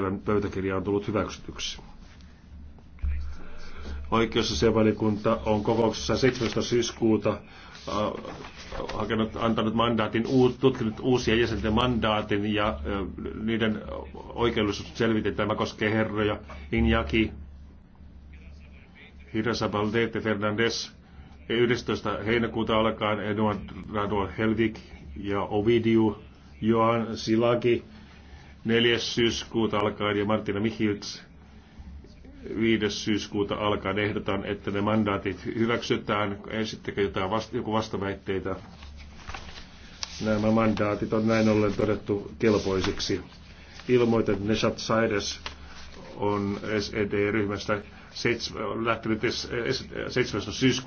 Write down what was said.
päivän pöytäkirja on tullut hyväksytyksi. Oikeusasiavalikunta on kokouksessa 17. syyskuuta äh, hakenut, antanut mandaatin, tutkinut uusia jäsenten mandaatin ja äh, niiden oikeudellisuus selvitetään. Tämä koskee herroja Injaki, Hirasabal, Dete Fernandes, 11. heinäkuuta alkaen radu Helvik ja Ovidiu, Joan Silaki, 4. syyskuuta alkaen ja Martina Mihilts 5. syyskuuta alkaen ehdotan, että ne mandaatit hyväksytään. Esittekö jotain vasta- joku vastaväitteitä? Nämä mandaatit on näin ollen todettu kelpoisiksi. Ilmoitan, että Neshat Saides on SED-ryhmästä lähtenyt 7. E syyskuuta.